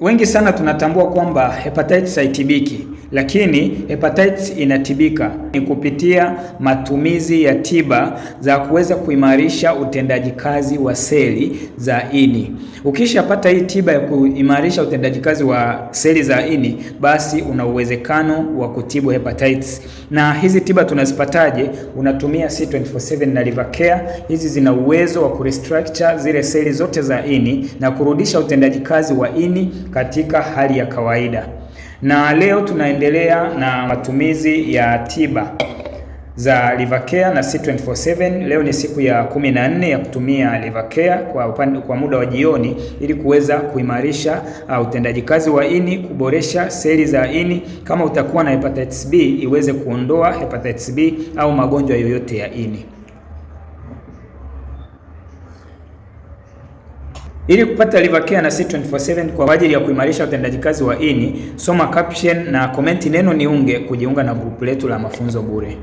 Wengi sana tunatambua kwamba hepatitis haitibiki lakini hepatitis inatibika ni kupitia matumizi ya tiba za kuweza kuimarisha utendaji kazi wa seli za ini. Ukishapata hii tiba ya kuimarisha utendaji kazi wa seli za ini, basi una uwezekano wa kutibu hepatitis. Na hizi tiba tunazipataje? Unatumia C24/7 na Livercare. Hizi zina uwezo wa kurestructure zile seli zote za ini na kurudisha utendaji kazi wa ini katika hali ya kawaida. Na leo tunaendelea na matumizi ya tiba za Livercare na C247. Leo ni siku ya 14 na ya kutumia Livercare kwa upande, kwa muda wa jioni ili kuweza kuimarisha uh, utendaji kazi wa ini, kuboresha seli za ini. Kama utakuwa na hepatitis B iweze kuondoa hepatitis B au magonjwa yoyote ya ini. Ili kupata Liver Care na C24/7 kwa ajili ya kuimarisha utendaji kazi wa ini, soma caption na komenti neno niunge kujiunga na grupu letu la mafunzo bure.